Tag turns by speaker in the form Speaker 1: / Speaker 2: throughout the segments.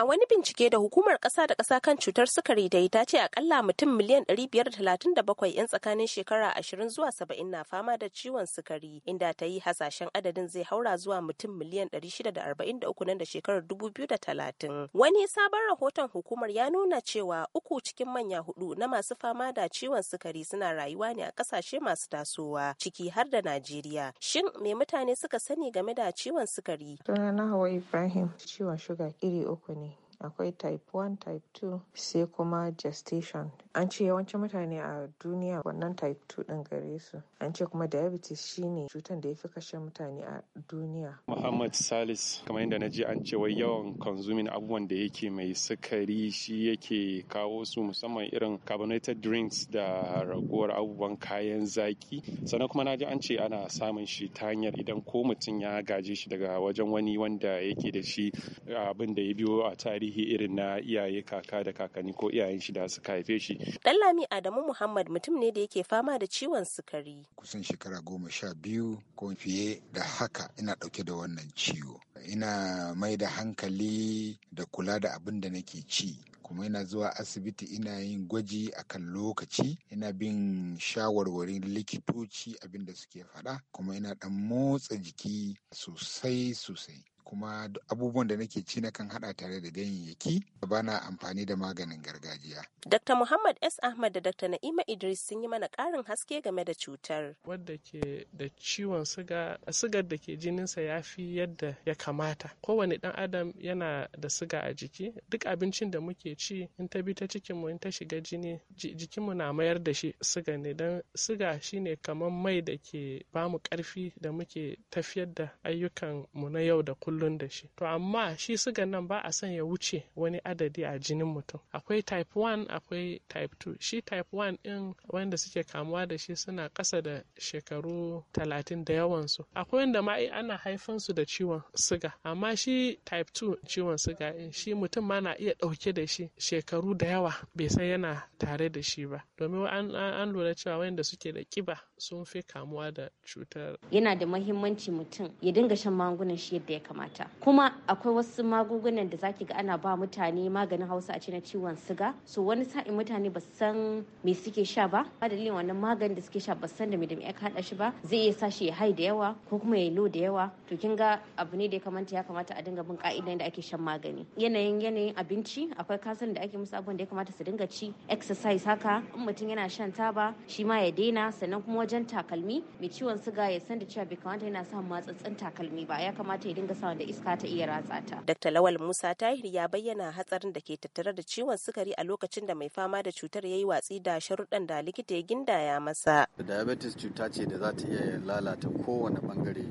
Speaker 1: A wani bincike da hukumar ƙasa da ƙasa kan cutar sukari da ta ce akalla mutum miliyan 537 'yan tsakanin shekara 20 zuwa 70 na fama da ciwon sukari inda ta yi hasashen adadin zai haura zuwa mutum miliyan 643 nan da shekarar 2030. Wani sabon rahoton hukumar ya nuna cewa uku cikin manya hudu na masu fama da ciwon sukari suna rayuwa ne a ƙasashe masu tasowa ciki har da Najeriya. Shin me mutane suka sani game da ciwon sukari? Sunana Hawa Ibrahim ciwon shuga iri uku ne. akwai type 1 type 2 sai kuma gestation an ce yawancin mutane a duniya wannan type 2 din gare su an ce kuma diabetes shine cutar da ya fi kashe
Speaker 2: mutane a duniya muhammad salis kamar yadda na ji an ce wai yawan consuming abubuwan da yake mai sukari shi yake kawo su musamman irin carbonated drinks da ragowar abubuwan kayan zaki sannan kuma na ji an ce ana samun shi ta hanyar idan ko mutum ya gaje shi daga wajen wani wanda yake da shi abin da ya biyo a tarihi tarihi irin na iyaye kaka da kakanni ko iyayen shi da suka haife shi.
Speaker 1: Lami Adamu Muhammad mutum ne da yake fama da ciwon sukari.
Speaker 3: Kusan shekara goma sha biyu ko fiye da haka ina ɗauke da wannan ciwo. Ina mai da hankali da kula da abin da nake ci. kuma ina zuwa asibiti ina yin gwaji a kan lokaci ina bin shawarwarin likitoci abin da suke faɗa kuma ina ɗan motsa jiki sosai sosai kuma abubuwan da nake ci nakan haɗa tare da ganyayyaki ba na amfani da maganin gargajiya.
Speaker 1: Dr. Muhammad S. Ahmad da Dr. Na'ima Idris sun yi mana karin haske game da cutar.
Speaker 2: Wadda ke da ciwon siga, sigar da ke jininsa ya fi yadda ya kamata. Kowane ɗan adam yana da siga a jiki. Duk abincin da muke ci in ta bi ta cikinmu in ta shiga jini jikinmu na mayar da shi siga ne dan siga shine kamar mai da ke bamu karfi da muke tafiyar da ayyukan mu na yau da kullum. kullun da shi to amma shi sugan nan ba a son ya wuce wani adadi a jinin mutum akwai type 1 akwai type 2 shi type 1 din wanda suke kamuwa da shi suna ƙasa da shekaru 30 da yawansu akwai wanda ma ana haifan su da ciwon suga amma shi type 2 ciwon suga in shi mutum ma na iya ɗauke da shi shekaru da yawa bai san yana tare da shi ba domin an lura cewa wanda suke da kiba sun fi kamuwa da cutar. Yana
Speaker 4: da mahimmanci mutum ya dinga shan magungunan shi yadda ya kamata. Kuma akwai wasu magungunan da zaki ga ana ba mutane maganin Hausa a ce na ciwon siga. So wani sa'in mutane ba san me suke sha ba. Ba dalilin wannan maganin da suke sha ba san da me da me aka hada shi ba. Zai iya sa shi ya hai da yawa ko kuma ya lo da yawa. To kin ga abu ne da ya kamata ya kamata a dinga bin ka'idan da ake shan magani. Yanayin yanayin abinci akwai kasan da ake musu abubuwan da ya kamata su dinga ci exercise haka in mutum yana shan taba shi ma ya daina sannan kuma wajen takalmi mai ciwon siga ya san da cewa bai kamata yana samun
Speaker 1: matsatsin takalmi ba ya kamata ya dinga samun da iska ta iya ratsa ta. Dr. Lawal Musa Tahir ya bayyana hatsarin da ke tattare da ciwon sukari a lokacin da mai fama da cutar ya yi watsi da sharuɗan da likita ya ginda ya
Speaker 5: masa. Diabetes cuta ce da za ta iya lalata kowane bangare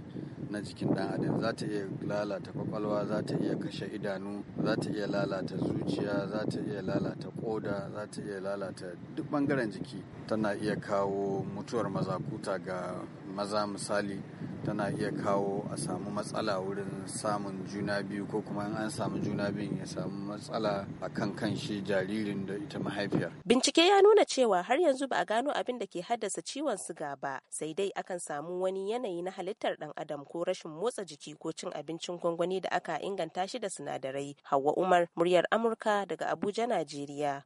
Speaker 5: na jikin ɗan adam za ta iya lalata kwakwalwa za ta iya kashe idanu za ta iya lalata zuciya za ta iya lalata koda za ta iya lalata duk bangaren jiki tana iya kawo mutuwar mazakuta ga maza misali tana iya kawo a samu matsala wurin samun juna biyu ko kuma in an samu juna biyun ya samu matsala a kan kan shi jaririn da ita mahaifiyar.
Speaker 1: Bincike ya nuna cewa har yanzu ba a gano abin da ke haddasa ciwon siga ba sai dai akan samu wani yanayi na halittar dan adam ko rashin motsa jiki ko cin abincin gwangwani da aka inganta shi da sinadarai. Hauwa Umar muryar Amurka daga Abuja, Najeriya.